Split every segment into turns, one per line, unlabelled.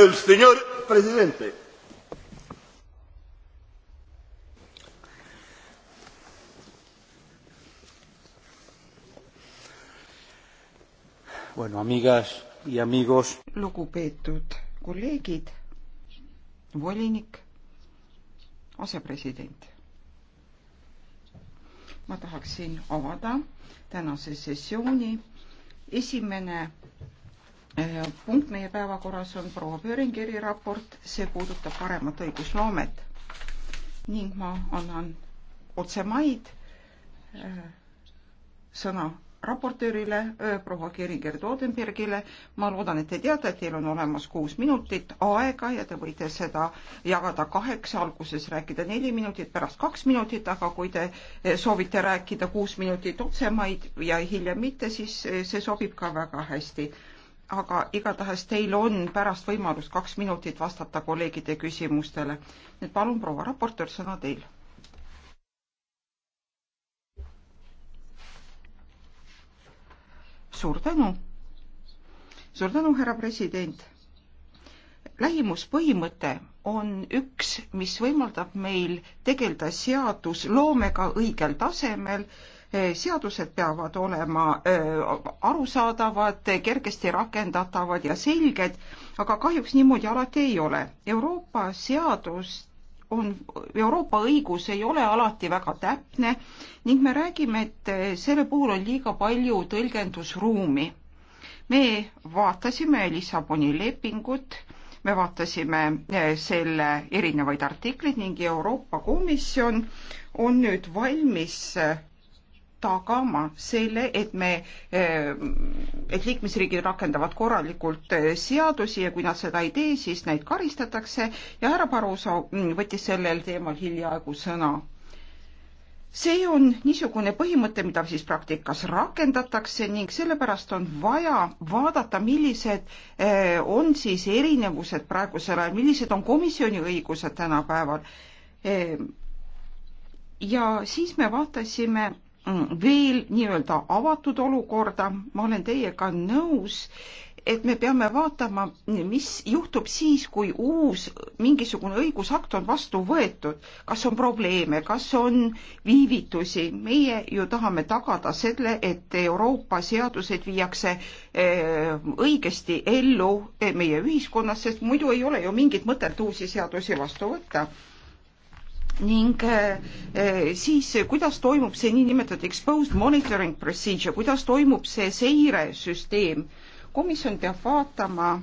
el señor presidente.
Bueno, amigas y amigos. lugupeetud kolleegid, volinik, asepresident. ma tahaksin avada tänase sessiooni esimene Äh, punkt meie päevakorras on proua Pööringeri raport, see puudutab paremat õigusloomet ning ma annan otse maid äh, sõna raportöörile, äh, proua Keringer Todenbergile. ma loodan, et te teate, et teil on olemas kuus minutit aega ja te võite seda jagada kaheks, alguses rääkida neli minutit, pärast kaks minutit, aga kui te soovite rääkida kuus minutit otsemaid ja hiljem mitte, siis see sobib ka väga hästi aga igatahes teil on pärast võimalus kaks minutit vastata kolleegide küsimustele. nüüd palun, proua raportöör, sõna teil. suur tänu. suur tänu, härra president. lähimuspõhimõte on üks, mis võimaldab meil tegeleda seadusloomega õigel tasemel Äh, seadused peavad olema äh, arusaadavad, kergesti rakendatavad ja selged, aga kahjuks niimoodi alati ei ole. Euroopa seadust on, Euroopa õigus ei ole alati väga täpne ning me räägime, et äh, selle puhul on liiga palju tõlgendusruumi. me vaatasime Lissaboni lepingut, me vaatasime selle erinevaid artikleid ning Euroopa Komisjon on nüüd valmis tagama selle, et me, eh, et liikmesriigid rakendavad korralikult eh, seadusi ja kui nad seda ei tee, siis neid karistatakse ja härra Paruso mm, võttis sellel teemal hiljaaegu sõna see on niisugune põhimõte, mida siis praktikas rakendatakse ning sellepärast on vaja vaadata, millised eh, on siis erinevused praegusel ajal, millised on komisjoni õigused tänapäeval. ja siis me vaatasime Mm, veel nii-öelda avatud olukorda, ma olen teiega nõus, et me peame vaatama, mis juhtub siis, kui uus mingisugune õigusakt on vastu võetud, kas on probleeme, kas on viivitusi, meie ju tahame tagada selle, et Euroopa seadused viiakse eh, õigesti ellu meie ühiskonnas, sest muidu ei ole ju mingit mõtet uusi seadusi vastu võtta ning eh, eh, siis eh, kuidas toimub see niinimetatud exposed monitoring procedure, kuidas toimub see seiresüsteem. komisjon peab vaatama äh,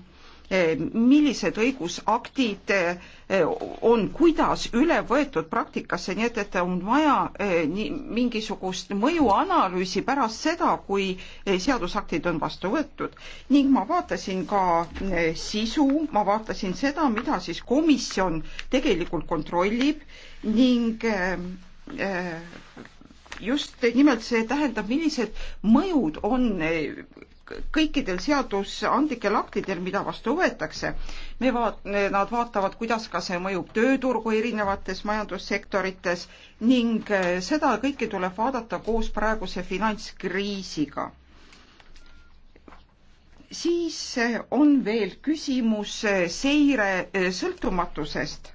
Eh, millised õigusaktid eh, on kuidas üle võetud praktikasse, nii et, et on vaja eh, nii mingisugust mõjuanalüüsi pärast seda, kui seadusaktid on vastu võetud. ning ma vaatasin ka sisu, ma vaatasin seda, mida siis komisjon tegelikult kontrollib ning just nimelt see tähendab, millised mõjud on kõikidel seadusandlikel aktidel, mida vastu võetakse, me vaat-, nad vaatavad, kuidas ka see mõjub tööturgu erinevates majandussektorites ning äh, seda kõike tuleb vaadata koos praeguse finantskriisiga. siis äh, on veel küsimus äh, seire sõltumatusest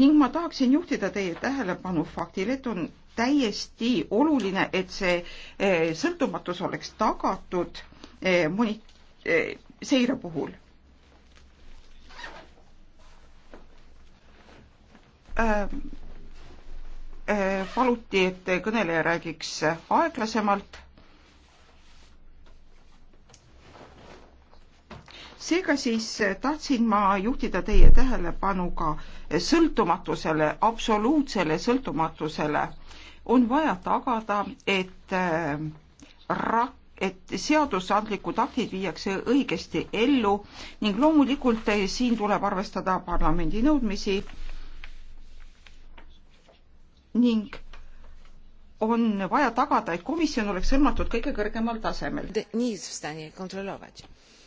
ning ma tahaksin juhtida teie tähelepanu faktile, et on täiesti oluline, et see eh, sõltumatus oleks tagatud eh, moni-, eh, seire puhul. Ähm, paluti, et kõneleja räägiks aeglasemalt. seega siis tahtsin ma juhtida teie tähelepanu ka sõltumatusele, absoluutsele sõltumatusele on vaja tagada, et äh, rak-, et seadusandlikud aktid viiakse õigesti ellu ning loomulikult äh, siin tuleb arvestada parlamendi nõudmisi ning on vaja tagada, et komisjon oleks hõlmatud kõige kõrgemal tasemel.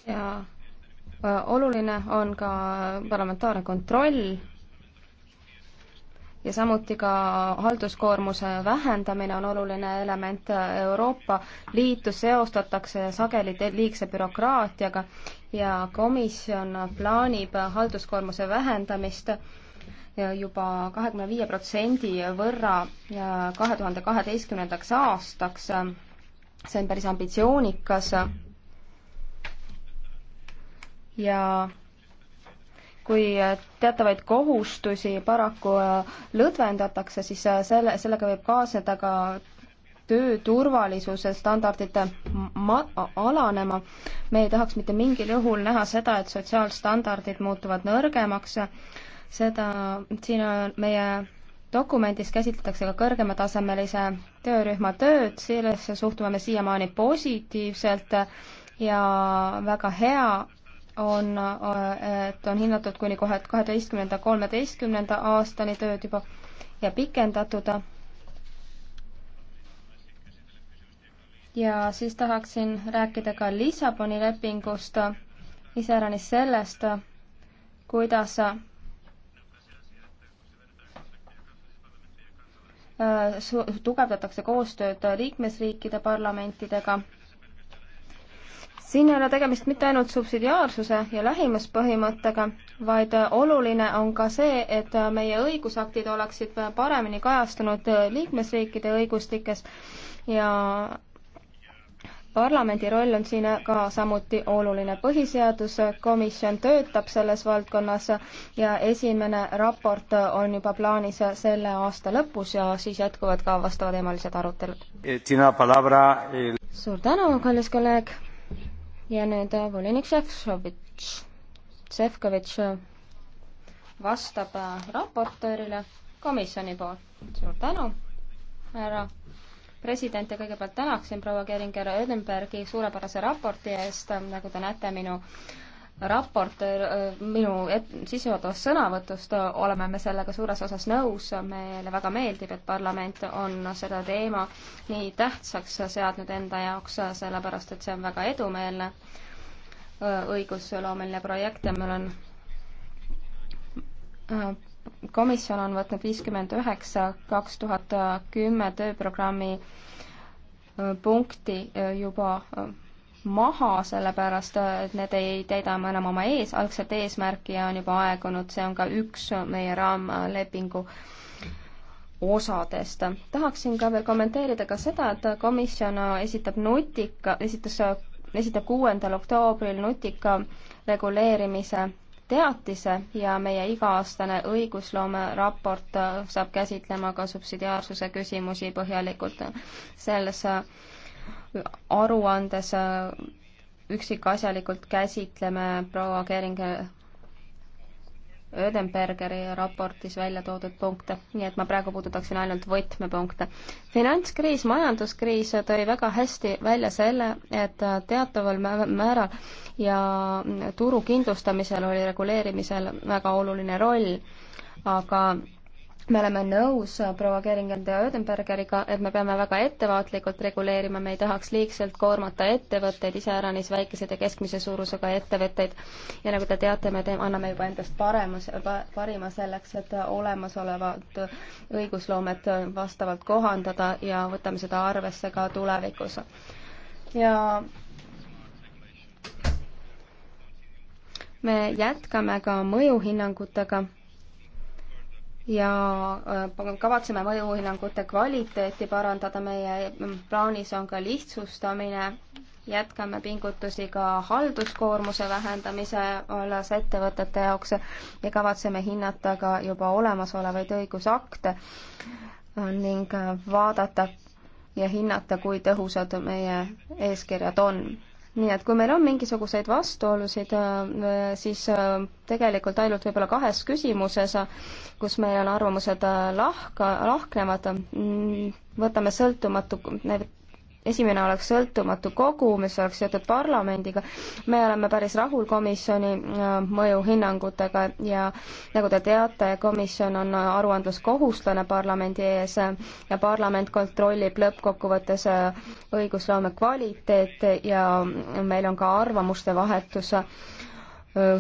ja äh,
oluline on ka parlamentaarne kontroll ja samuti ka halduskoormuse vähendamine on oluline element. Euroopa Liitu seostatakse sageli liigse bürokraatiaga ja komisjon plaanib halduskoormuse vähendamist juba kahekümne viie protsendi võrra kahe tuhande kaheteistkümnendaks aastaks. see on päris ambitsioonikas ja kui äh, teatavaid kohustusi paraku äh, lõdvendatakse, siis äh, selle, sellega võib kaasneda ka tööturvalisuse standardite ma-, alanema. me ei tahaks mitte mingil juhul näha seda, et sotsiaalstandardid muutuvad nõrgemaks, seda, siin on meie dokumendis käsitletakse ka kõrgematasemelise töörühma tööd, sellesse suhtume me siiamaani positiivselt ja väga hea on, et on hinnatud kuni kohe kaheteistkümnenda, kolmeteistkümnenda aastani tööd juba ja pikendatud. ja siis tahaksin rääkida ka Lissaboni lepingust, iseäranis sellest, kuidas äh, tugevdatakse koostööd liikmesriikide parlamentidega siin ei ole tegemist mitte ainult subsidiaarsuse ja lähimuspõhimõttega, vaid oluline on ka see, et meie õigusaktid oleksid paremini kajastunud liikmesriikide õigustikes ja parlamendi roll on siin ka samuti oluline. põhiseaduskomisjon töötab selles valdkonnas ja esimene raport on juba plaanis selle aasta lõpus ja siis jätkuvad ka vastavateemalised arutelud.
Eh.
suur tänu, kallis kolleeg! ja nüüd äh, volinik Šefčovitš. Šefkovitš äh, vastab äh, raportöörile komisjoni poolt. suur tänu, härra president ja kõigepealt tänaksin proua Geringer-Ödenbergi suurepärase raporti eest, nagu te näete, minu raport, minu sissejuhatavast sõnavõtust oleme me sellega suures osas nõus, meile väga meeldib, et parlament on seda teema nii tähtsaks seadnud enda jaoks, sellepärast et see on väga edumeelne õigusloomeline projekt ja meil on komisjon on võtnud viiskümmend üheksa kaks tuhat kümme tööprogrammi punkti juba maha, sellepärast äh, et need ei täida enam oma ees, algset eesmärki ja on juba aegunud, see on ka üks meie raamlepingu osadest. tahaksin ka veel kommenteerida ka seda, et komisjon esitab nutika, esitas, esitab kuuendal oktoobril nutika reguleerimise teatise ja meie iga-aastane õigusloome raport saab käsitlema ka subsidiaarsuse küsimusi põhjalikult. selles aruandes äh, üksikasjalikult käsitleme proua Kering Ödenbergeri raportis välja toodud punkte, nii et ma praegu puudutaksin ainult võtmepunkte. finantskriis, majanduskriis tõi väga hästi välja selle, et teataval määral ja turu kindlustamisel oli reguleerimisel väga oluline roll, aga me oleme nõus äh, proua Keringen ja Ödenbergeriga, et me peame väga ettevaatlikult reguleerima, me ei tahaks liigselt koormata ettevõtteid, iseäranis väikeseid ja keskmise suurusega ettevõtteid. ja nagu te teate, me teeme, anname juba endast paremus, parima selleks, et olemasolevat õigusloomet vastavalt kohandada ja võtame seda arvesse ka tulevikus. ja me jätkame ka mõjuhinnangutega ja äh, kavatseme mõjuhinnangute kvaliteeti parandada, meie mm, plaanis on ka lihtsustamine, jätkame pingutusi ka halduskoormuse vähendamise vallas ettevõtete jaoks ja kavatseme hinnata ka juba olemasolevaid õigusakte äh, ning äh, vaadata ja hinnata, kui tõhusad meie eeskirjad on nii et kui meil on mingisuguseid vastuolusid, äh, siis äh, tegelikult ainult võib-olla kahes küsimuses, kus meil on arvamused äh, lahka, lahknevad, mm, võtame sõltumatu, esimene oleks sõltumatu kogu, mis oleks seotud parlamendiga. me oleme päris rahul komisjoni äh, mõjuhinnangutega ja nagu te teate, komisjon on aruandluskohuslane parlamendi ees ja parlament kontrollib lõppkokkuvõttes äh, õigusloome kvaliteeti ja meil on ka arvamuste vahetus äh,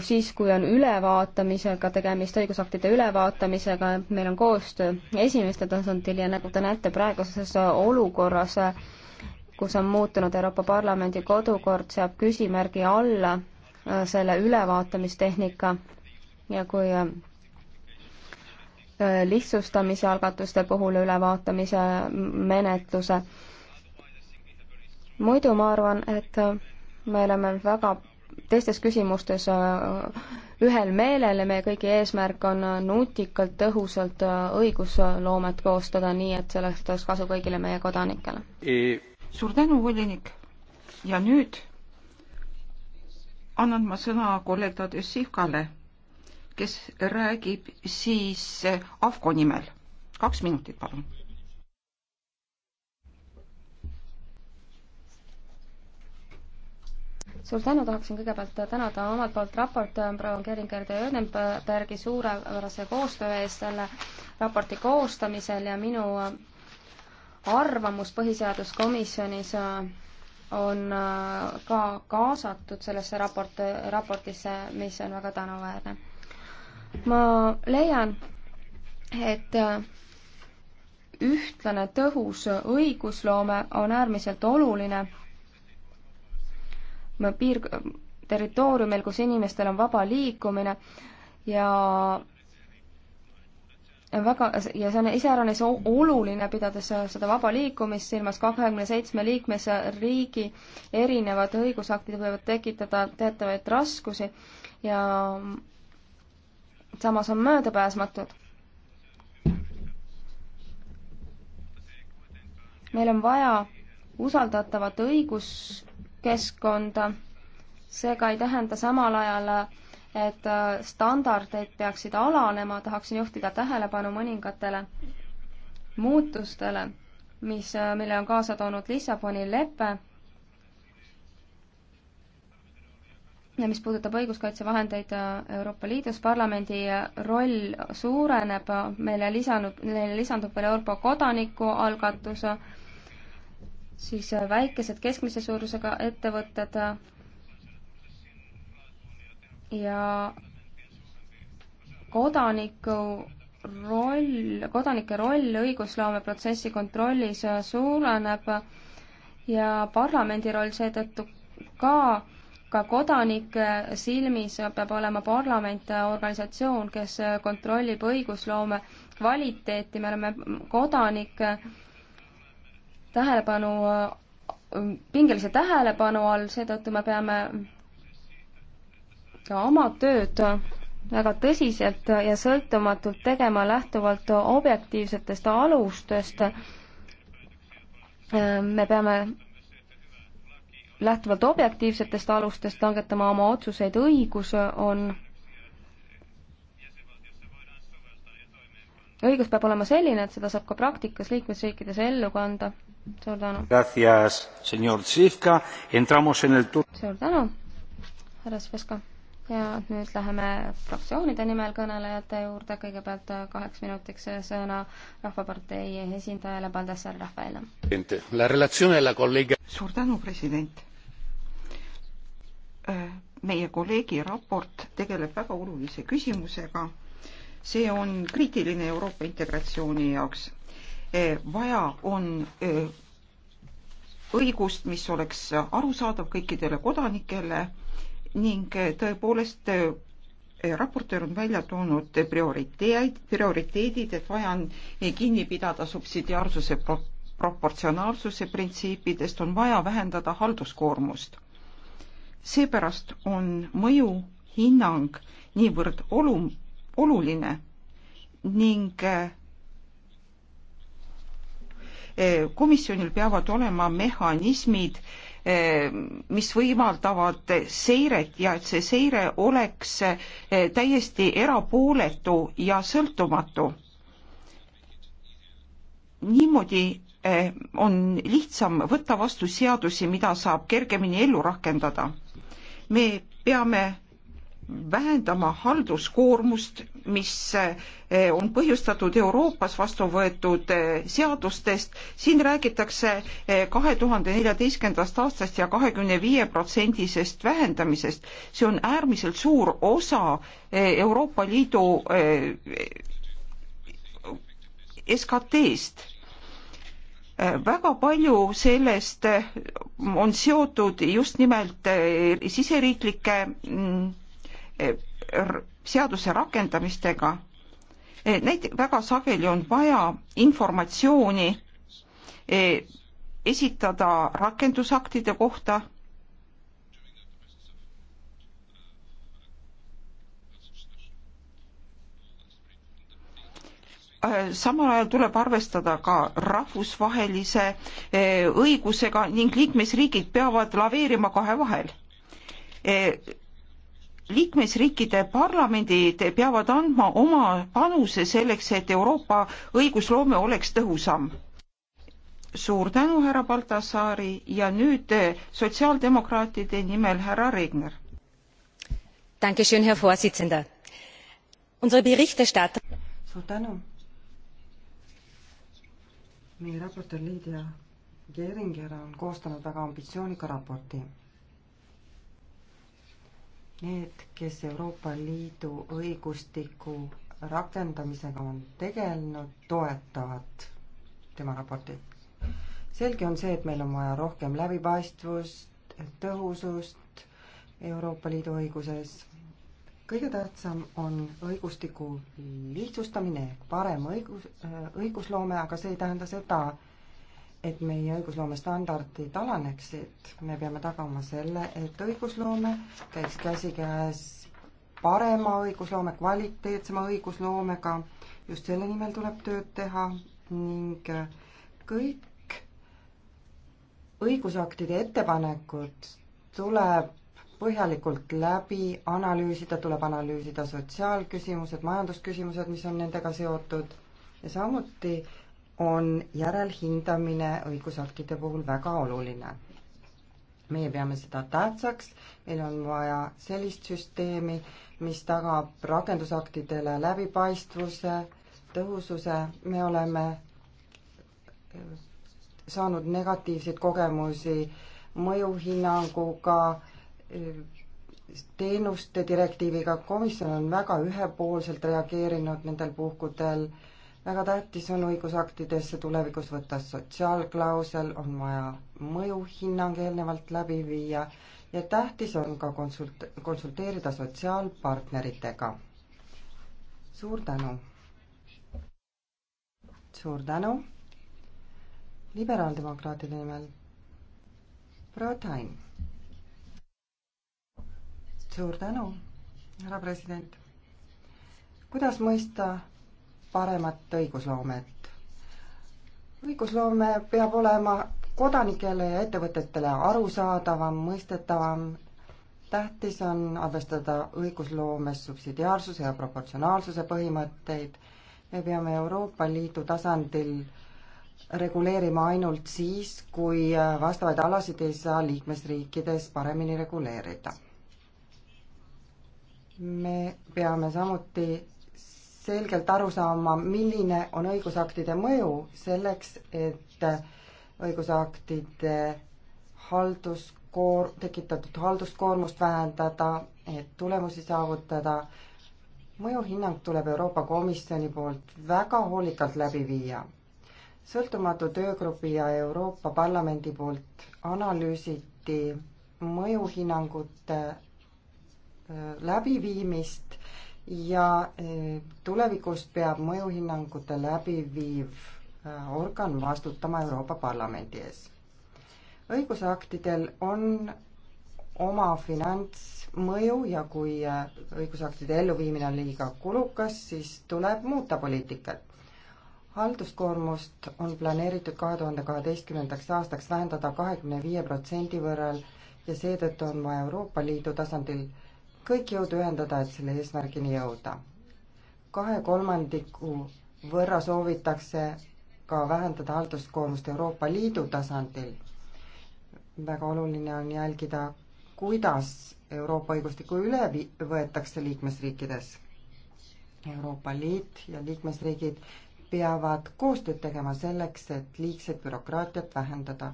siis, kui on ülevaatamisega tegemist, õigusaktide ülevaatamisega, meil on koostöö esimesel tasandil ja nagu te näete, praeguses olukorras äh, kus on muutunud Euroopa Parlamendi kodukord, seab küsimärgi alla äh, selle ülevaatamistehnika ja kui äh, äh, lihtsustamise algatuste puhul ülevaatamise menetluse. muidu ma arvan, et me oleme väga teistes küsimustes ühel meelel ja meie kõigi eesmärk on nutikalt, tõhusalt õigusloomet koostada, nii et sellest oleks kasu kõigile meie kodanikele
e suur tänu, volinik. ja nüüd annan ma sõna kolleeg Tadeusz Sivkale, kes räägib siis AFCO nimel. kaks minutit, palun.
suur tänu, tahaksin kõigepealt tänada omalt poolt raport äh, proua Geringer de Ödenbergi suurepärase koostöö eest selle raporti koostamisel ja minu äh, arvamus põhiseaduskomisjonis äh, on äh, ka kaasatud sellesse raport, raportisse, mis on väga tänuväärne. ma leian, et äh, ühtlane tõhus õigusloome on äärmiselt oluline piir-, territooriumil, kus inimestel on vaba liikumine ja väga, ja see on iseäranis oluline, pidades seda vaba liikumist silmas, kahekümne seitsme liikmesriigi erinevad õigusaktid võivad tekitada teatavaid raskusi ja samas on möödapääsmatud. meil on vaja usaldatavat õiguskeskkonda, seega ei tähenda samal ajal et äh, standardeid peaksid alanema, tahaksin juhtida tähelepanu mõningatele muutustele, mis, äh, mille on kaasa toonud Lissaboni lepe ja mis puudutab õiguskaitsevahendeid äh, Euroopa Liidus, parlamendi roll suureneb, meile lisanud, meile lisandub veel Euroopa kodanikualgatus, siis väikesed keskmise suurusega ettevõtted ja kodaniku roll, kodanike roll õigusloomeprotsessi kontrollis suureneb ja parlamendi roll seetõttu ka, ka kodanike silmis peab olema parlament organisatsioon, kes kontrollib õigusloome kvaliteeti, me oleme kodanike tähelepanu, pingelise tähelepanu all, seetõttu me peame oma tööd väga tõsiselt ja sõltumatult tegema lähtuvalt objektiivsetest alustest. Ähm, me peame lähtuvalt objektiivsetest alustest langetama oma otsuseid, õigus on, õigus peab olema selline, et seda saab ka praktikas liikmesriikides ellu kanda. suur tänu. suur tänu, härra Sveska ja nüüd läheme fraktsioonide nimel kõnelejate juurde, kõigepealt kaheks minutiks sõna Rahvapartei
esindajale Baldassar Rafael. suur tänu, president. Äh, meie kolleegi raport tegeleb väga olulise küsimusega. see on kriitiline Euroopa integratsiooni jaoks. Äh, vaja on äh, õigust, mis oleks arusaadav kõikidele kodanikele ning eh, tõepoolest eh, raportöör on välja toonud prioriteedid, prioriteedid, et vaja on eh, kinni pidada subsidiaarsuse pro proportsionaalsuse printsiipidest, on vaja vähendada halduskoormust. seepärast on mõjuhinnang niivõrd olu-, oluline ning komisjonil peavad olema mehhanismid Eh, mis võimaldavad seiret ja et see seire oleks eh, täiesti erapooletu ja sõltumatu. niimoodi eh, on lihtsam võtta vastu seadusi, mida saab kergemini ellu rakendada. me peame vähendama halduskoormust, mis eh, on põhjustatud Euroopas vastu võetud eh, seadustest. siin räägitakse eh, kahe tuhande neljateistkümnendast aastast ja kahekümne viie protsendisest vähendamisest. see on äärmiselt suur osa Euroopa Liidu SKT-st väga palju sellest on seotud just nimelt siseriiklike mm, Eh, seaduse rakendamistega. Eh, näiteks väga sageli on vaja informatsiooni eh, esitada rakendusaktide kohta. samal ajal tuleb arvestada ka rahvusvahelise õigusega ning liikmesriigid peavad laveerima kahe vahel liikmesriikide parlamendid peavad andma oma panuse selleks, et Euroopa õigusloome oleks tõhusam. suur tänu, härra Baltasaari ja nüüd eh, sotsiaaldemokraatide nimel härra Regner. suur tänu.
meie raportöör Lydia Geringer on koostanud väga ambitsioonika raporti need, kes Euroopa Liidu õigustiku rakendamisega on tegelenud, toetavad tema raportit. selge on see, et meil on vaja rohkem läbipaistvust, tõhusust Euroopa Liidu õiguses. kõige tähtsam on õigustiku lihtsustamine ehk parem õigus, õigusloome, aga see ei tähenda seda, et meie õigusloome standardid alaneksid, me peame tagama selle, et õigusloome käiks käsikäes parema õigusloome, kvaliteetsema õigusloomega, just selle nimel tuleb tööd teha ning kõik õigusaktide ettepanekud tuleb põhjalikult läbi analüüsida, tuleb analüüsida sotsiaalküsimused, majandusküsimused, mis on nendega seotud ja samuti on järelhindamine õigusaktide puhul väga oluline. meie peame seda tähtsaks, meil on vaja sellist süsteemi, mis tagab rakendusaktidele läbipaistvuse, tõhususe, me oleme saanud negatiivseid kogemusi mõjuhinnanguga, teenuste direktiiviga, komisjon on väga ühepoolselt reageerinud nendel puhkudel äh, väga tähtis on õigusaktidesse tulevikus võtta sotsiaalklausel, on vaja mõjuhinnang eelnevalt läbi viia ja tähtis on ka konsult-, konsulteerida sotsiaalpartneritega. suur tänu! suur tänu! liberaaldemokraatide nimel proua Tain. suur tänu, härra president! kuidas mõista paremat õigusloomet. õigusloome peab olema kodanikele ja ettevõtetele arusaadavam, mõistetavam, tähtis on arvestada õigusloomes subsidiaarsuse ja proportsionaalsuse põhimõtteid, me peame Euroopa Liidu tasandil reguleerima ainult siis, kui vastavaid alasid ei saa liikmesriikides paremini reguleerida. me peame samuti selgelt aru saama, milline on õigusaktide mõju selleks, et õigusaktide halduskoor-, tekitatud halduskoormust vähendada, et tulemusi saavutada. mõjuhinnang tuleb Euroopa Komisjoni poolt väga hoolikalt läbi viia. sõltumatu töögrupi ja Euroopa Parlamendi poolt analüüsiti mõjuhinnangute äh, läbiviimist ja e, tulevikus peab mõjuhinnangute läbiviiv e, organ vastutama Euroopa Parlamendi ees. õigusaktidel on oma finantsmõju ja kui e, õigusaktide elluviimine on liiga kulukas, siis tuleb muuta poliitikat. halduskoormust on planeeritud kahe tuhande kaheteistkümnendaks aastaks vähendada kahekümne viie protsendi võrral ja seetõttu on vaja Euroopa Liidu tasandil kõik jõud ühendada, et selle eesmärgini jõuda. kahe kolmandiku võrra soovitakse ka vähendada halduskoormust Euroopa Liidu tasandil. väga oluline on jälgida, kuidas Euroopa õigustikku üle võetakse liikmesriikides. Euroopa Liit ja liikmesriigid peavad koostööd tegema selleks, et liigset bürokraatiat vähendada.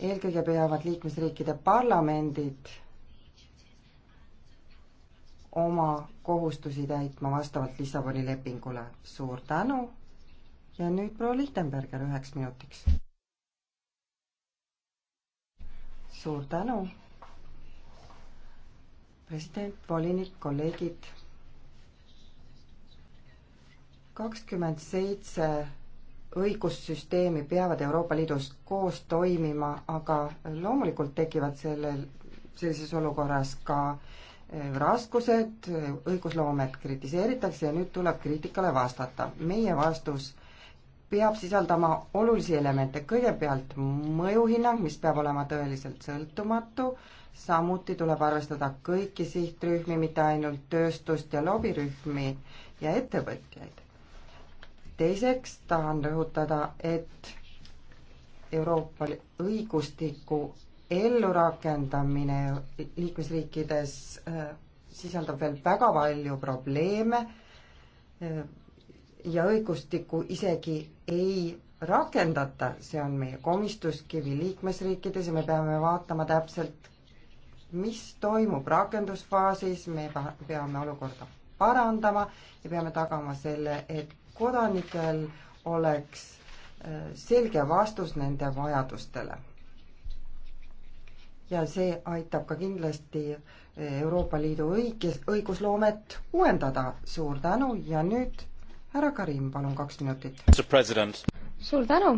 eelkõige peavad liikmesriikide parlamendid oma kohustusi täitma vastavalt Lissaboni lepingule. suur tänu ja nüüd proua Lichtenberger üheks minutiks. suur tänu, president, volinik, kolleegid. kakskümmend seitse õigussüsteemi peavad Euroopa Liidus koos toimima, aga loomulikult tekivad sellel, sellises olukorras ka äh, raskused, õigusloomet kritiseeritakse ja nüüd tuleb kriitikale vastata. meie vastus peab sisaldama olulisi elemente, kõigepealt mõjuhinnang, mis peab olema tõeliselt sõltumatu, samuti tuleb arvestada kõiki sihtrühmi, mitte ainult tööstust ja lobirühmi ja ettevõtjaid. teiseks tahan rõhutada, et Euroopa õigustiku ellurakendamine liikmesriikides äh, sisaldab veel väga palju probleeme äh, ja õigustikku isegi ei rakendata, see on meie komistuskivi liikmesriikides ja me peame vaatama täpselt, mis toimub rakendusfaasis, me peame olukorda parandama ja peame tagama selle, et kodanikel oleks äh, selge vastus nende vajadustele ja see aitab ka kindlasti eh, Euroopa Liidu õigus, õigusloomet uuendada. suur tänu ja nüüd härra Karim, palun kaks minutit. suur tänu!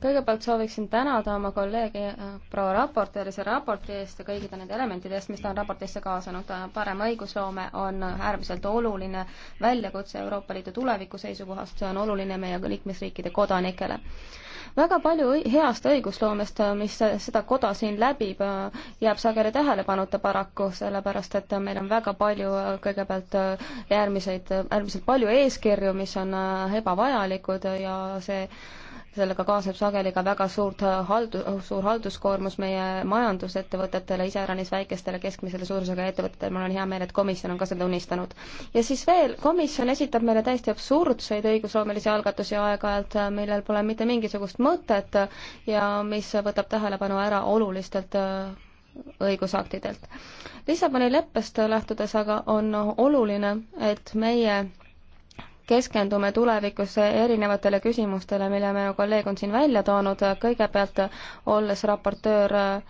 kõigepealt sooviksin tänada oma kolleegi eh,
proua raportööri selle raporti eest ja kõikide nende elementide eest, mis ta on raportisse kaasanud. parem õigusloome on äärmiselt oluline väljakutse Euroopa Liidu tuleviku seisukohast, see on oluline meie liikmesriikide kodanikele väga palju heast õigusloomest, äh, mis äh, seda koda siin läbib, äh, jääb sageli tähelepanuta paraku, sellepärast et meil on väga palju kõigepealt äärmiseid, äärmiselt palju eeskirju, mis on ebavajalikud ja see sellega kaasneb sageli ka väga suurt äh, haldu-, suur halduskoormus meie majandusettevõtetele, iseäranis väikestele keskmisele suurusega ettevõtetele, mul on hea meel, et komisjon on ka seda tunnistanud. ja siis veel, komisjon esitab meile täiesti absurdseid õigusloomelisi algatusi aeg-ajalt, äh, millel pole mitte mingisugust mõtet ja mis võtab tähelepanu ära olulistelt äh, õigusaktidelt. Lissaboni leppest lähtudes aga on oluline, et meie keskendume tulevikus erinevatele küsimustele, mille minu kolleeg on siin välja toonud, kõigepealt olles raportöör äh,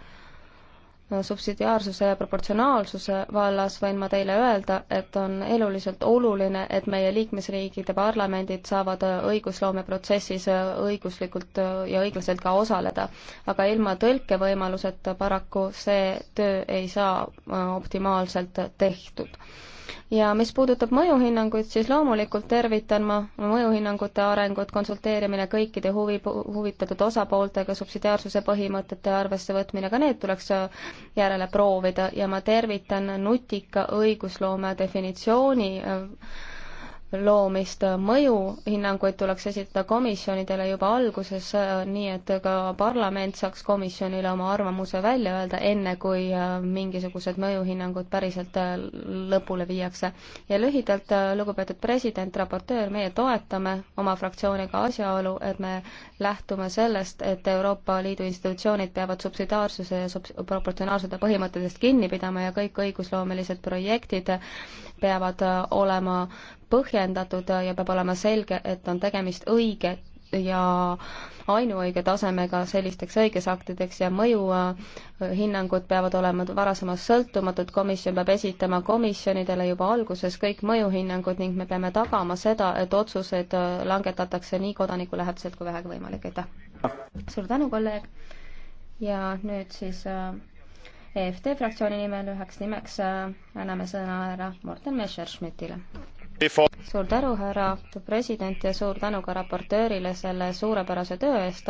subsidiaarsuse ja proportsionaalsuse vallas võin ma teile öelda, et on eluliselt oluline, et meie liikmesriigid ja parlamendid saavad äh, õigusloomeprotsessis äh, õiguslikult ja õiglaselt ka osaleda. aga ilma tõlkevõimaluseta paraku see töö ei saa optimaalselt tehtud ja mis puudutab mõjuhinnanguid, siis loomulikult tervitan ma mõjuhinnangute arengut, konsulteerimine kõikide huvi, huvitatud osapooltega, subsidiaarsuse põhimõtete arvessevõtmine, ka need tuleks äh, järele proovida ja ma tervitan nutika õigusloome definitsiooni äh, loomist, mõjuhinnanguid tuleks esitada komisjonidele juba alguses, äh, nii et ka parlament saaks komisjonile oma arvamuse välja öelda, enne kui äh, mingisugused mõjuhinnangud päriselt äh, lõpule viiakse. ja lühidalt, lugupeetud president, raportöör, meie toetame oma fraktsiooniga asjaolu, et me lähtume sellest, et Euroopa Liidu institutsioonid peavad subsidiaarsuse ja sub-, proportsionaalsuse põhimõtetest kinni pidama ja kõik õigusloomelised projektid peavad olema põhjendatud ja peab olema selge, et on tegemist õige ja ainuõige tasemega sellisteks õigusaktideks ja mõjuhinnangud äh, peavad olema varasemast sõltumatud, komisjon peab esitama komisjonidele juba alguses kõik mõjuhinnangud ning me peame tagama seda, et otsused äh, langetatakse nii kodanikulähedaselt kui vähegi võimalik, aitäh! suur tänu, kolleeg! ja nüüd siis äh, EFD fraktsiooni nimel üheks nimeks anname sõna härra Morten Messerschmidtile suur tänu, härra president ja suur tänu ka raportöörile selle suurepärase töö eest,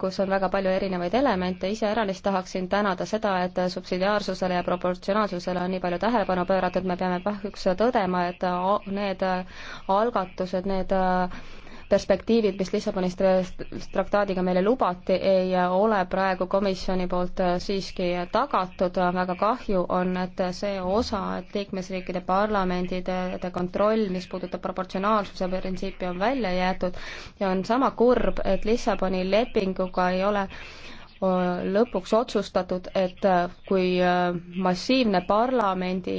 kus on väga palju erinevaid elemente, iseäranis tahaksin tänada seda, et subsidiaarsusele ja proportsionaalsusele on nii palju tähelepanu pööratud, me peame kahjuks tõdema, et need algatused, need perspektiivid, mis Lissaboni traktaadiga meile lubati, ei ole praegu komisjoni poolt äh, siiski tagatud, väga kahju on, et see osa, et liikmesriikide parlamendide kontroll, mis puudutab proportsionaalsuse printsiipi, on välja jäetud ja on sama kurb, et Lissaboni lepinguga ei ole Äh, lõpuks otsustatud, et äh, kui äh, massiivne parlamendi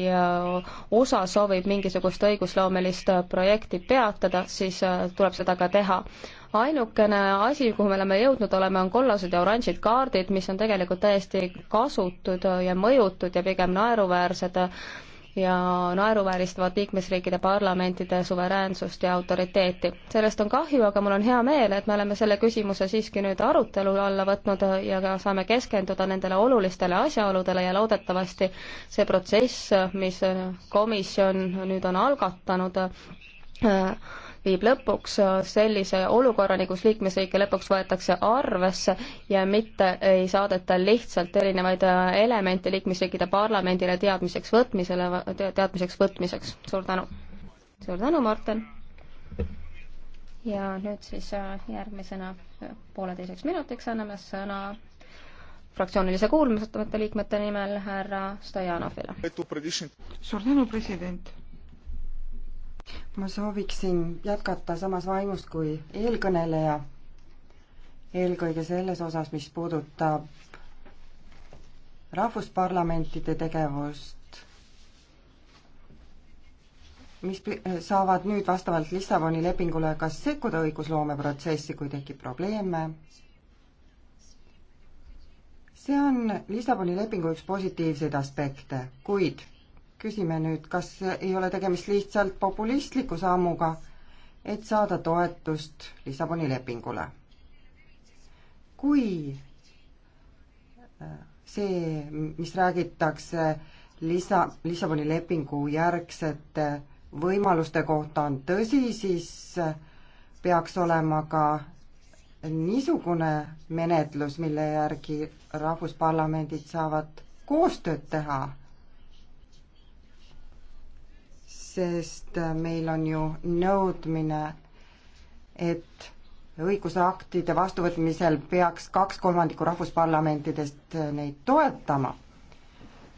osa soovib mingisugust õigusloomelist projekti peatada, siis tuleb seda ka teha. ainukene asi, kuhu me oleme jõudnud oleme, on kollased ja oranžid kaardid, mis on tegelikult täiesti kasutud ja mõjutud ja pigem naeruväärsed ja naeruvääristavad liikmesriikide parlamentide suveräänsust ja autoriteeti. sellest on kahju, aga mul on hea meel, et me oleme selle küsimuse siiski nüüd arutelu alla võtnud ja ka saame keskenduda nendele olulistele asjaoludele ja loodetavasti see protsess, mis komisjon nüüd on algatanud, viib lõpuks äh, sellise olukorrani, kus liikmesriike lõpuks võetakse arvesse ja mitte ei saadeta lihtsalt erinevaid äh, elemente liikmesriikide parlamendile teadmiseks võtmisele, teadmiseks võtmiseks. suur tänu! suur tänu, Martin! ja nüüd siis äh, järgmisena pooleteiseks minutiks anname sõna fraktsioonilise kuulmisõttamata liikmete nimel härra Stojanovile. suur
tänu, president!
ma sooviksin jätkata samas vaimus kui eelkõneleja, eelkõige selles osas, mis puudutab rahvusparlamentide tegevust, mis saavad nüüd vastavalt Lissaboni lepingule kas sekkuda õigusloomeprotsessi, kui tekib probleeme, see on Lissaboni lepingu üks positiivseid aspekte, kuid küsime nüüd, kas ei ole tegemist lihtsalt populistliku sammuga, et saada toetust Lissaboni lepingule. kui äh, see, mis räägitakse lisa, Lissaboni lepingu järgsete võimaluste kohta on tõsi, siis äh, peaks olema ka niisugune menetlus, mille järgi rahvusparlamendid saavad koostööd teha sest äh, meil on ju nõudmine, et õigusaktide vastuvõtmisel peaks kaks kolmandikku rahvusparlamentidest äh, neid toetama.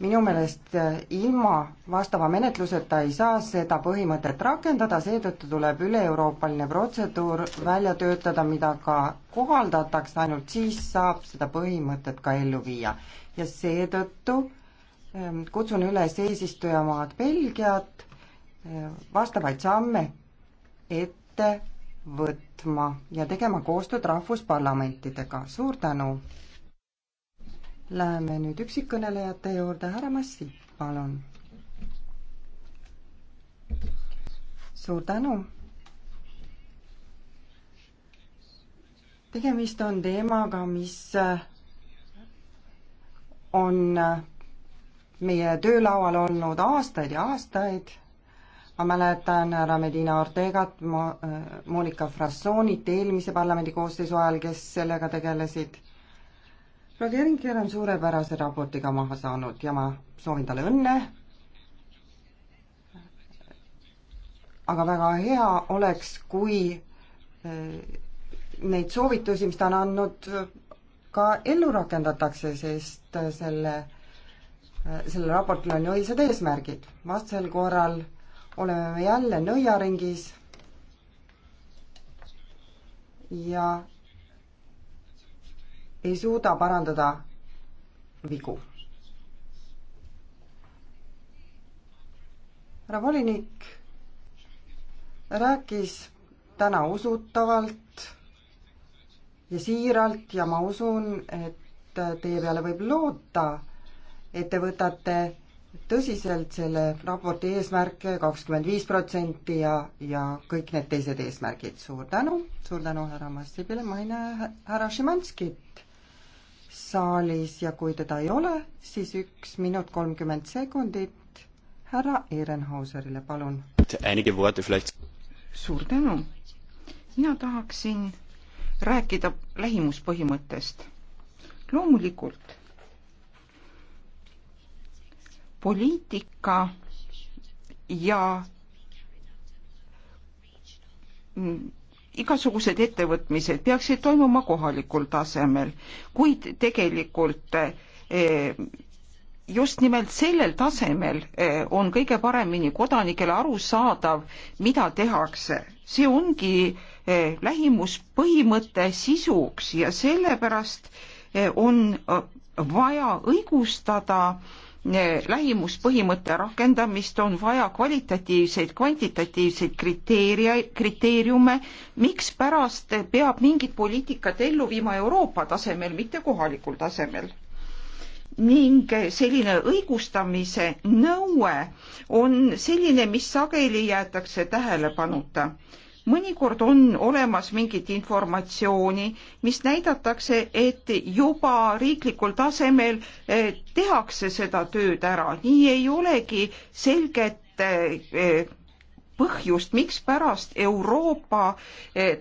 minu meelest äh, ilma vastava menetluseta ei saa seda põhimõtet rakendada, seetõttu tuleb üle-euroopaline protseduur välja töötada, mida ka kohaldatakse, ainult siis saab seda põhimõtet ka ellu viia. ja seetõttu ähm, kutsun üles eesistujamaad Belgiat vastavaid samme ette võtma ja tegema koostööd rahvusparlamentidega. suur tänu! Läheme nüüd üksikkõnelejate juurde, härra Massi, palun. suur tänu. tegemist on teemaga, mis on meie töölaual olnud aastaid ja aastaid ma mäletan härra Medina Ortegat, Monika Frassonit eelmise parlamendi koosseisu ajal, kes sellega tegelesid. Roger Inger on suurepärase raportiga maha saanud ja ma soovin talle õnne. aga väga hea oleks, kui eh, neid soovitusi, mis ta on andnud, ka ellu rakendatakse, sest selle, eh, sellel raportil on ju õilsad eesmärgid. vastasel korral äh, oleme me jälle nõiaringis ja ei suuda parandada vigu. härra volinik rääkis täna usutavalt ja siiralt ja ma usun, et teie peale võib loota, et te võtate tõsiselt selle raporti eesmärke, kakskümmend viis protsenti ja, ja kõik need teised eesmärgid. suur tänu, suur tänu härra Massibile, ma ei näe härra Šimanskit saalis ja kui teda ei ole, siis üks minut kolmkümmend sekundit härra
Ehrenhauserile, palun. suur tänu. mina tahaksin rääkida lähimuspõhimõttest. loomulikult poliitika ja mm, igasugused ettevõtmised peaksid toimuma kohalikul tasemel, kuid tegelikult eh, just nimelt sellel tasemel eh, on kõige paremini kodanikele arusaadav, mida tehakse. see ongi eh, lähimuspõhimõtte sisuks ja sellepärast on vaja õigustada äh, lähimuspõhimõtte rakendamist, on vaja kvalitatiivseid, kvantitatiivseid kriteeria, kriteeriume, mikspärast peab mingit poliitikat ellu viima Euroopa tasemel, mitte kohalikul tasemel ning selline õigustamise nõue on selline, mis sageli jäetakse tähelepanuta mõnikord on olemas mingit informatsiooni, mis näidatakse, et juba riiklikul tasemel eh, tehakse seda tööd ära, nii ei olegi selget eh, eh, põhjust, mikspärast Euroopa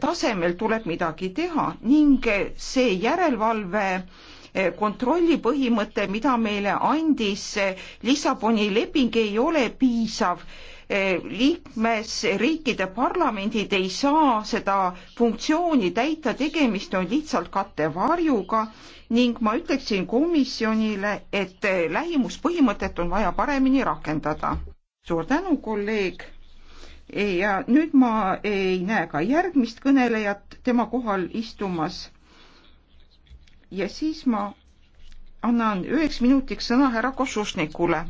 tasemel tuleb midagi teha ning see järelevalve kontrolli põhimõte, mida meile andis Lissaboni leping, ei ole piisav liikmesriikide parlamendid ei saa seda funktsiooni täita, tegemist on lihtsalt kattevarjuga ning ma ütleksin komisjonile, et lähimuspõhimõtet on vaja paremini rakendada. suur tänu, kolleeg. ja nüüd ma ei näe ka järgmist kõnelejat tema kohal istumas. ja siis ma annan üheks minutiks sõna härra Košušnikule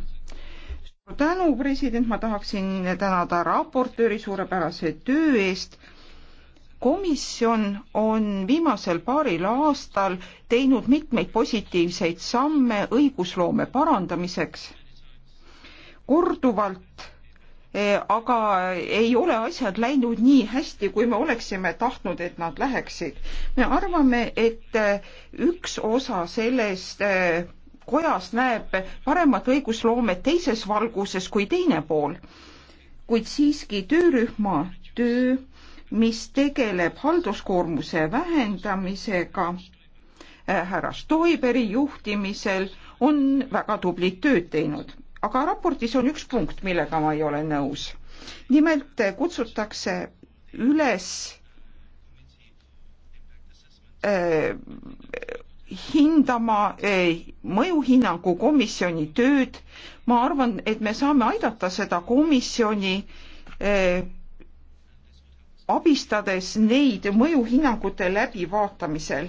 tänu, president, ma tahaksin tänada raportööri suurepärase töö eest. komisjon on viimasel paaril aastal teinud mitmeid positiivseid samme õigusloome parandamiseks. korduvalt eh, aga ei ole asjad läinud nii hästi, kui me oleksime tahtnud, et nad läheksid. me arvame, et eh, üks osa sellest eh, kojas näeb paremat õigusloomet teises valguses kui teine pool, kuid siiski töörühma töö, mis tegeleb halduskoormuse vähendamisega äh, härra Stoiberi juhtimisel, on väga tublit tööd teinud. aga raportis on üks punkt, millega ma ei ole nõus. nimelt äh, kutsutakse üles äh, hindama eh, mõjuhinnangu komisjoni tööd. ma arvan, et me saame aidata seda komisjoni eh, abistades neid mõjuhinnangute läbivaatamisel.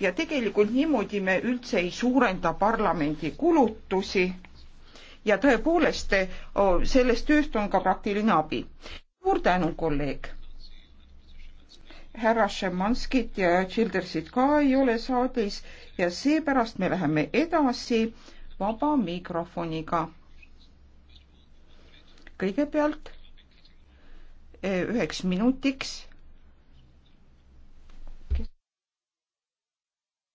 ja tegelikult niimoodi me üldse ei suurenda parlamendi kulutusi. ja tõepoolest eh, sellest tööst on ka praktiline abi. suur tänu, kolleeg härra Šemanskit ja Childersit ka ei ole saalis ja seepärast me läheme edasi vaba mikrofoniga. kõigepealt eh, üheks minutiks.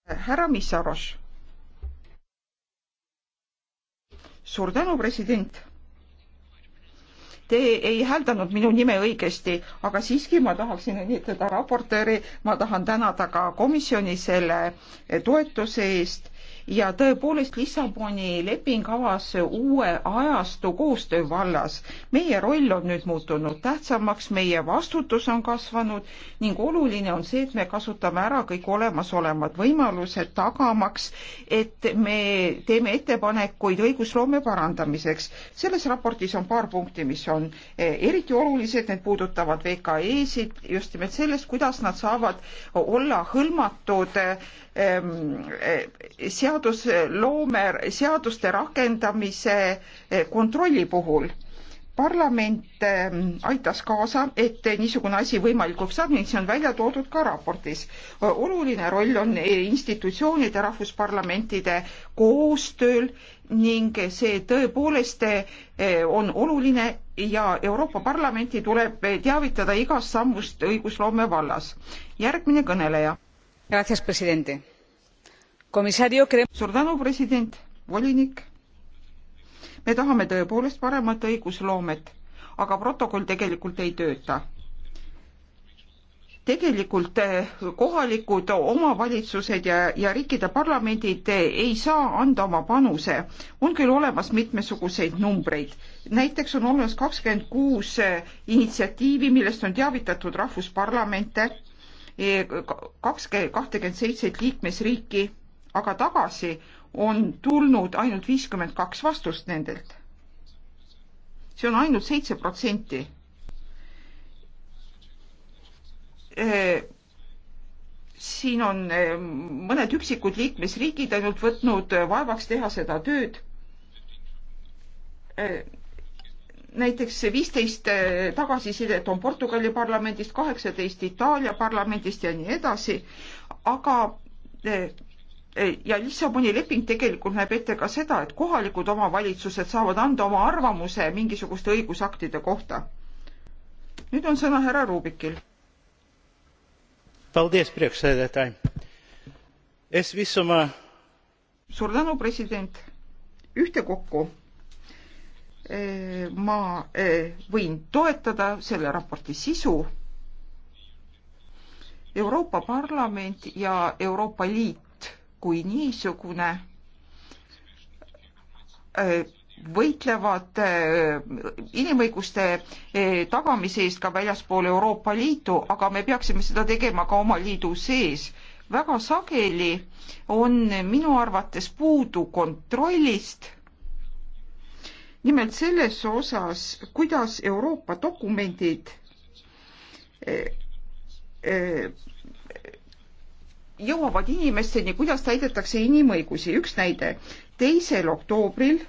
härra Missaros. suur tänu, president Te ei hääldanud minu nime õigesti, aga siiski ma tahaksin õnnitleda raportööri, ma tahan tänada ka komisjoni selle toetuse eest ja tõepoolest Lissaboni leping avas uue ajastu koostöö vallas. meie roll on nüüd muutunud tähtsamaks, meie vastutus on kasvanud ning oluline on see, et me kasutame ära kõik olemasolevad võimalused, tagamaks, et me teeme ettepanekuid õigusloome parandamiseks. selles raportis on paar punkti, mis on eh, eriti olulised, need puudutavad VKE-sid just nimelt sellest, kuidas nad saavad olla hõlmatud eh, Ehm, eh, seadusloome, seaduste rakendamise eh, kontrolli puhul parlament ehm, aitas kaasa, et niisugune asi võimalikuks saab ning see on välja toodud ka raportis. oluline roll on institutsioonide, rahvusparlamentide koostööl ning see tõepoolest eh, on oluline ja Euroopa Parlamenti tuleb teavitada igast sammust õigusloome vallas. järgmine kõneleja suur tänu, president, volinik. me tahame tõepoolest paremat õigusloomet, aga protokoll tegelikult ei tööta tegelikult eh, kohalikud omavalitsused ja, ja riikide parlamendid eh, ei saa anda oma panuse. on küll olemas mitmesuguseid numbreid, näiteks on olemas kakskümmend kuus eh, initsiatiivi, millest on teavitatud rahvusparlamente kakskümmend, kahtekümmend seitset liikmesriiki, aga tagasi on tulnud ainult viiskümmend kaks vastust nendelt. see on ainult seitse protsenti. Äh, siin on äh, mõned üksikud liikmesriigid ainult võtnud äh, vaevaks teha seda tööd näiteks viisteist äh, tagasisidet on Portugali parlamendist, kaheksateist Itaalia parlamendist ja nii edasi, aga äh, äh, ja Lissaboni leping tegelikult näeb ette ka seda, et kohalikud omavalitsused saavad anda oma arvamuse mingisuguste õigusaktide kohta. nüüd on sõna härra Rubikil. suur tänu, president. ühtekokku Äh, ma äh, võin toetada selle raporti sisu. Euroopa Parlament ja Euroopa Liit kui niisugune äh, võitlevad inimõiguste tagamise eest ka väljaspool Euroopa Liitu, aga me peaksime seda tegema ka oma liidu sees. väga sageli on minu arvates puudu kontrollist nimelt selles osas, kuidas Euroopa dokumendid eh, eh, jõuavad inimesteni, kuidas täidetakse inimõigusi. üks näide, teisel oktoobril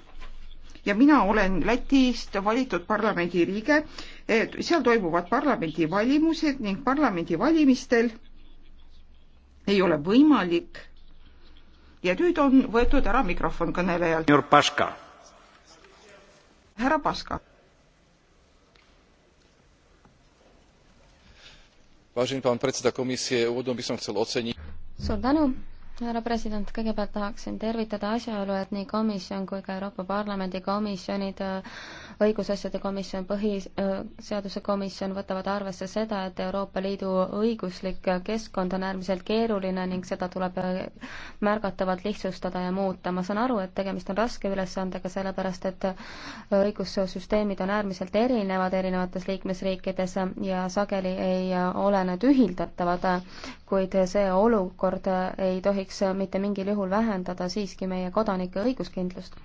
ja mina olen Lätist valitud parlamendi liige, eh, seal toimuvad parlamendivalimused ning parlamendivalimistel ei ole võimalik ja nüüd on võetud ära mikrofon kõnelejalt härra Paska.
vážený pán predseda komisie úvodom by som chcel oceniť.
suur tänu härra president, kõigepealt tahaksin tervitada asjaolu, et nii komisjon kui ka Euroopa Parlamendi komisjonid, äh, õigusasjade komisjon, põhiseaduse komisjon võtavad arvesse seda, et Euroopa Liidu õiguslik keskkond on äärmiselt keeruline ning seda tuleb äh, märgatavalt lihtsustada ja muuta. ma saan aru, et tegemist on raske ülesandega, sellepärast et äh, õigussüsteemid on äärmiselt erinevad erinevates liikmesriikides ja sageli ei ole need ühildatavad kuid see olukord ei tohiks mitte mingil juhul vähendada siiski meie kodanike õiguskindlust.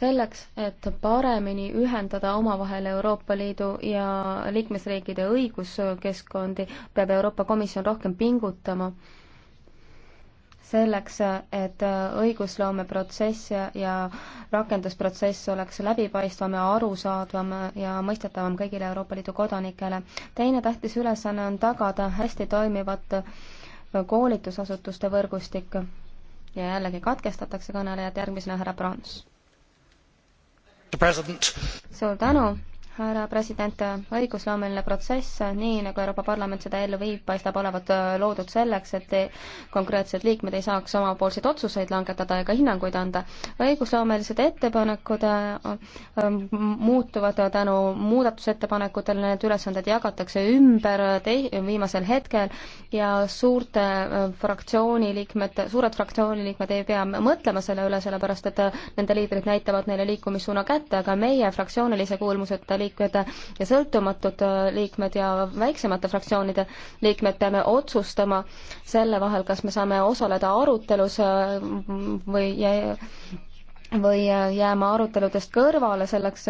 selleks, et paremini ühendada omavahel Euroopa Liidu ja liikmesriikide õiguskeskkondi, peab Euroopa Komisjon rohkem pingutama selleks, et õigusloomeprotsess ja rakendusprotsess oleks läbipaistvam ja arusaadavam ja mõistetavam kõigile Euroopa Liidu kodanikele. teine tähtis ülesanne on tagada hästi toimivat koolitusasutuste võrgustik ja jällegi katkestatakse kõnelejad, järgmisena härra Prants. suur tänu, härra president, õigusloomeline protsess, nii nagu Euroopa Parlament seda ellu viib, paistab olevat äh, loodud selleks, et konkreetsed liikmed ei saaks omapoolseid otsuseid langetada ega hinnanguid anda. õigusloomelised ettepanekud äh, äh, muutuvad tänu muudatusettepanekutele, need ülesanded jagatakse ümber te-, viimasel hetkel ja suurte fraktsiooni liikmed, suured fraktsiooni liikmed ei pea mõtlema selle üle, sellepärast et nende liidrid näitavad neile liikumissuuna kätte, aga meie fraktsioonilise kuulmuseta liikmed liikmed ja sõltumatud äh, liikmed ja väiksemate fraktsioonide liikmed peame otsustama selle vahel, kas me saame osaleda arutelus äh, või või äh, jääma aruteludest kõrvale selleks,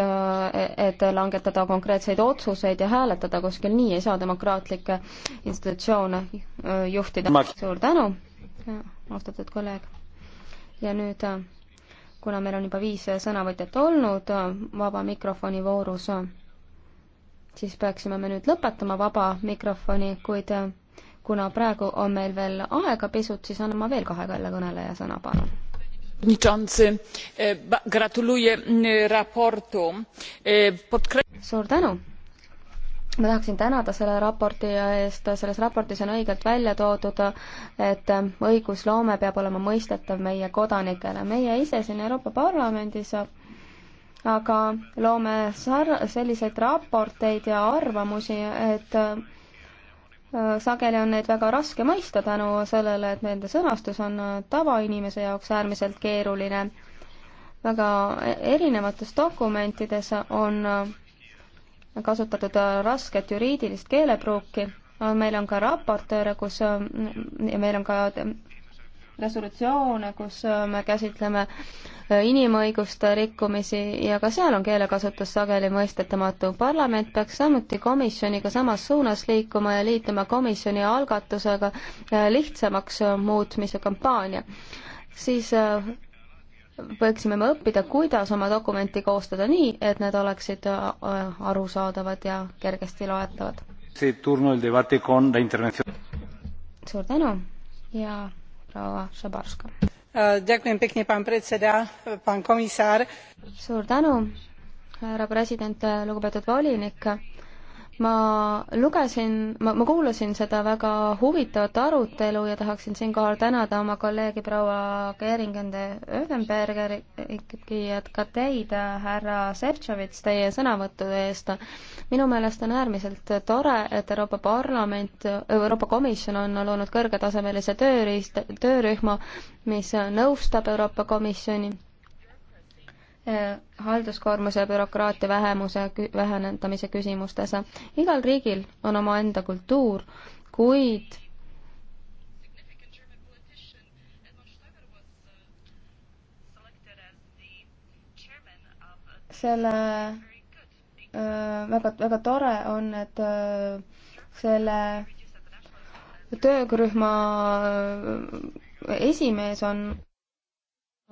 et langetada konkreetseid otsuseid ja hääletada kuskil, nii ei saa demokraatlikke institutsioone juhtida. suur tänu, austatud kolleeg. ja nüüd kuna meil on juba viis sõnavõtjat olnud vaba mikrofoni voorus, siis peaksime me nüüd lõpetama vaba mikrofoni, kuid kuna praegu on meil veel aega pisut, siis annan ma veel kahe kõneleja sõna, palun. E,
e, e, suur tänu
ma tahaksin tänada selle raporti eest, selles raportis on õigelt välja toodud, et õigusloome peab olema mõistetav meie kodanikele. meie ise siin Euroopa Parlamendis aga loome sar-, selliseid raporteid ja arvamusi, et sageli on neid väga raske mõista tänu sellele, et nende sõnastus on tavainimese jaoks äärmiselt keeruline. väga erinevates dokumentides on kasutatud äh, rasket juriidilist keelepruuki. Äh, meil on ka raportööre, kus äh, ja meil on ka resolutsioone, kus me käsitleme inimõiguste rikkumisi ja ka seal on keelekasutus sageli mõistetamatu. parlament peaks samuti komisjoniga samas suunas liikuma ja liituma komisjoni algatusega lihtsamaks muutmise kampaania. siis võiksime me õppida, kuidas oma dokumenti koostada nii, et need oleksid äh, äh, arusaadavad ja kergesti loetavad. suur tänu ja proua Šabarska.
Äh,
suur tänu, härra president, lugupeetud volinik ma lugesin, ma, ma kuulasin seda väga huvitavat arutelu ja tahaksin siinkohal tänada oma kolleegi proua Keringende Öfenbergeri, ikkagi ka teid, härra Sertšovits, teie sõnavõttude eest. minu meelest on äärmiselt tore, et Euroopa Parlament, Euroopa Komisjon on loonud kõrgetasemelise tööriist, töörühma, mis nõustab Euroopa Komisjoni Äh, halduskoormuse ja bürokraatia vähemuse, vähendamise küsimustes. igal riigil on omaenda kultuur, kuid selle äh, väga, väga tore on, et äh, selle töörühma esimees on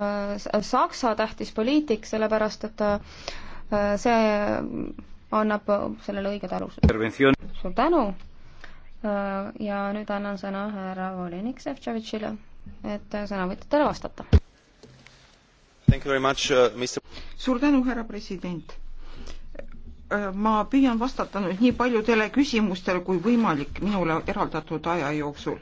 Äh, Saksa tähtis poliitik, sellepärast et äh, see annab sellele õiged alused. suur tänu äh, ja nüüd annan sõna härra volinik Šefčovitšile, et sõnavõtjatele vastata.
Uh,
suur tänu, härra president ma püüan vastata nüüd nii paljudele küsimustele kui võimalik minule eraldatud aja jooksul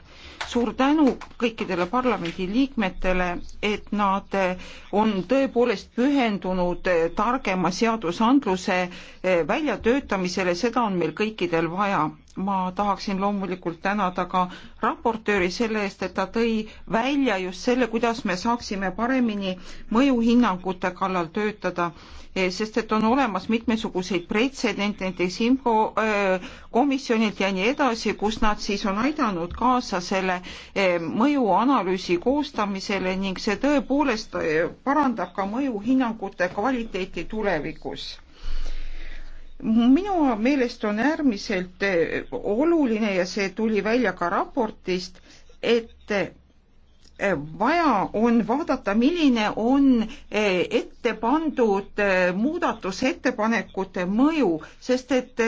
suur tänu kõikidele parlamendi liikmetele, et nad eh, on tõepoolest pühendunud eh, targema seadusandluse eh, väljatöötamisele, seda on meil kõikidel vaja ma tahaksin loomulikult tänada ka raportööri selle eest, et ta tõi välja just selle, kuidas me saaksime paremini mõjuhinnangute kallal töötada, eh, sest et on olemas mitmesuguseid pretsedente näiteks infokomisjonilt eh, ja nii edasi, kus nad siis on aidanud kaasa selle eh, mõjuanalüüsi koostamisele ning see tõepoolest parandab ka mõjuhinnangute kvaliteeti tulevikus minu meelest on äärmiselt eh, oluline ja see tuli välja ka raportist, et eh, vaja on vaadata, milline on eh, ette pandud muudatusettepanekute mõju, sest et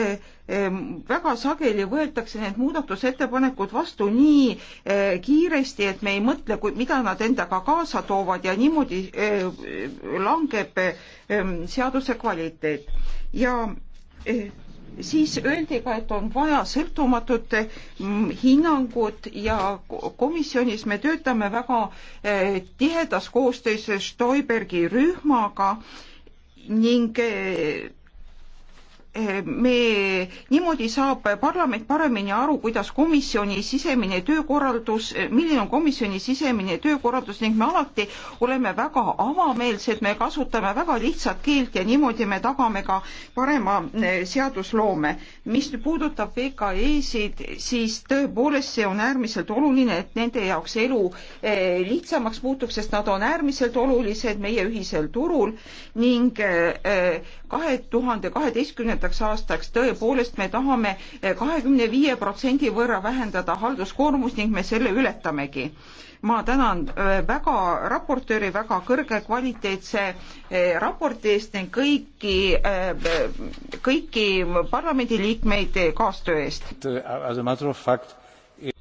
väga sageli võetakse need muudatusettepanekud vastu nii kiiresti, et me ei mõtle, mida nad endaga kaasa toovad ja niimoodi langeb seaduse kvaliteet ja Eh, siis öeldi ka, et on vaja sõltumatut mm, hinnangut ja komisjonis me töötame väga eh, tihedas koostöös Stoibergi rühmaga ning eh, Eh, me, niimoodi saab parlament paremini aru, kuidas komisjoni sisemine töökorraldus, eh, milline on komisjoni sisemine töökorraldus ning me alati oleme väga avameelsed, me kasutame väga lihtsat keelt ja niimoodi me tagame ka parema eh, seadusloome. mis nüüd puudutab VKE-sid, siis tõepoolest see on äärmiselt oluline, et nende jaoks elu lihtsamaks muutuks, sest nad on äärmiselt olulised meie ühisel turul ning kahe tuhande kaheteistkümnenda kolmekümnendaks aastaks. tõepoolest, me tahame eh, kahekümne viie protsendi võrra vähendada halduskoormust ning me selle ületamegi. ma tänan eh, väga raportööri väga kõrge kvaliteetse eh, raporti eest ning kõiki, kõiki parlamendiliikmeid kaastöö eest.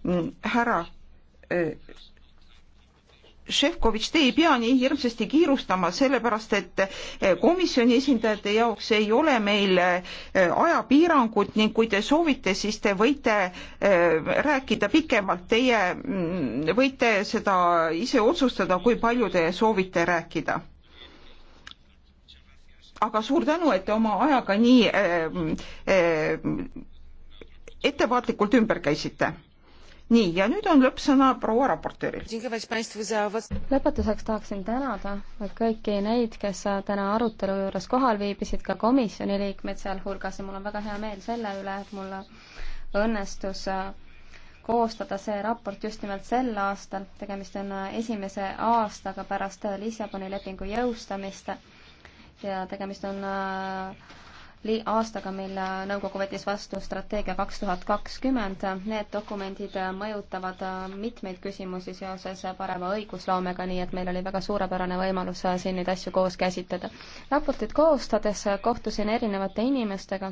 Mm, härra Šefkovitš, te ei pea nii hirmsasti kiirustama, sellepärast et eh, komisjoni esindajate jaoks ei ole meil eh, ajapiirangut ning kui te soovite, siis te võite eh, rääkida pikemalt, teie mm, võite seda ise otsustada, kui palju te soovite rääkida. aga suur tänu, et te oma ajaga nii mm, ettevaatlikult ümber käisite nii, ja nüüd on lõppsõna proua raportööril. lõpetuseks
tahaksin tänada kõiki neid, kes täna arutelu juures kohal viibisid, ka komisjoni liikmed sealhulgas ja mul on väga hea meel selle üle, et mul õnnestus koostada see raport just nimelt sel aastal, tegemist on esimese aastaga pärast Lissaboni lepingu jõustamist ja tegemist on äh, aastaga, mil nõukogu võttis vastu strateegia kaks tuhat kakskümmend. Need dokumendid mõjutavad mitmeid küsimusi seoses parema õigusloomega, nii et meil oli väga suurepärane võimalus siin neid asju koos käsitleda. raportit koostades kohtusin erinevate inimestega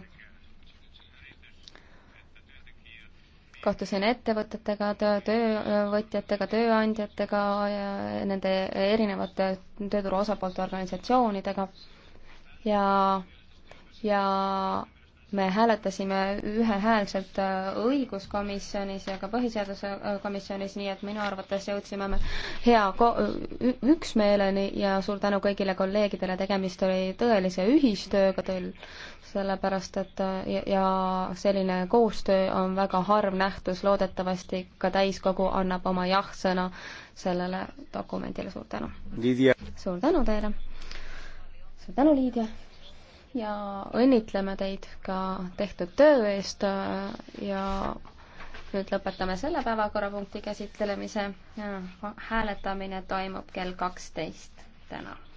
kohtusin ettevõtetega, töövõtjatega, tööandjatega ja nende erinevate tööturu osapoolte organisatsioonidega ja ja me hääletasime ühehäälselt äh, õiguskomisjonis ja ka põhiseaduse äh, komisjonis, nii et minu arvates jõudsime me hea üksmeeleni ja suur tänu kõigile kolleegidele, tegemist oli tõelise ühistööga teil, sellepärast et äh, ja, ja selline koostöö on väga harv nähtus, loodetavasti ka täiskogu annab oma jah-sõna sellele dokumendile, suur tänu! suur tänu teile! suur tänu, Liidia! ja õnnitleme teid ka tehtud töö eest äh, ja nüüd lõpetame selle päevakorrapunkti käsitlemise. Äh, hääletamine toimub kell kaksteist täna.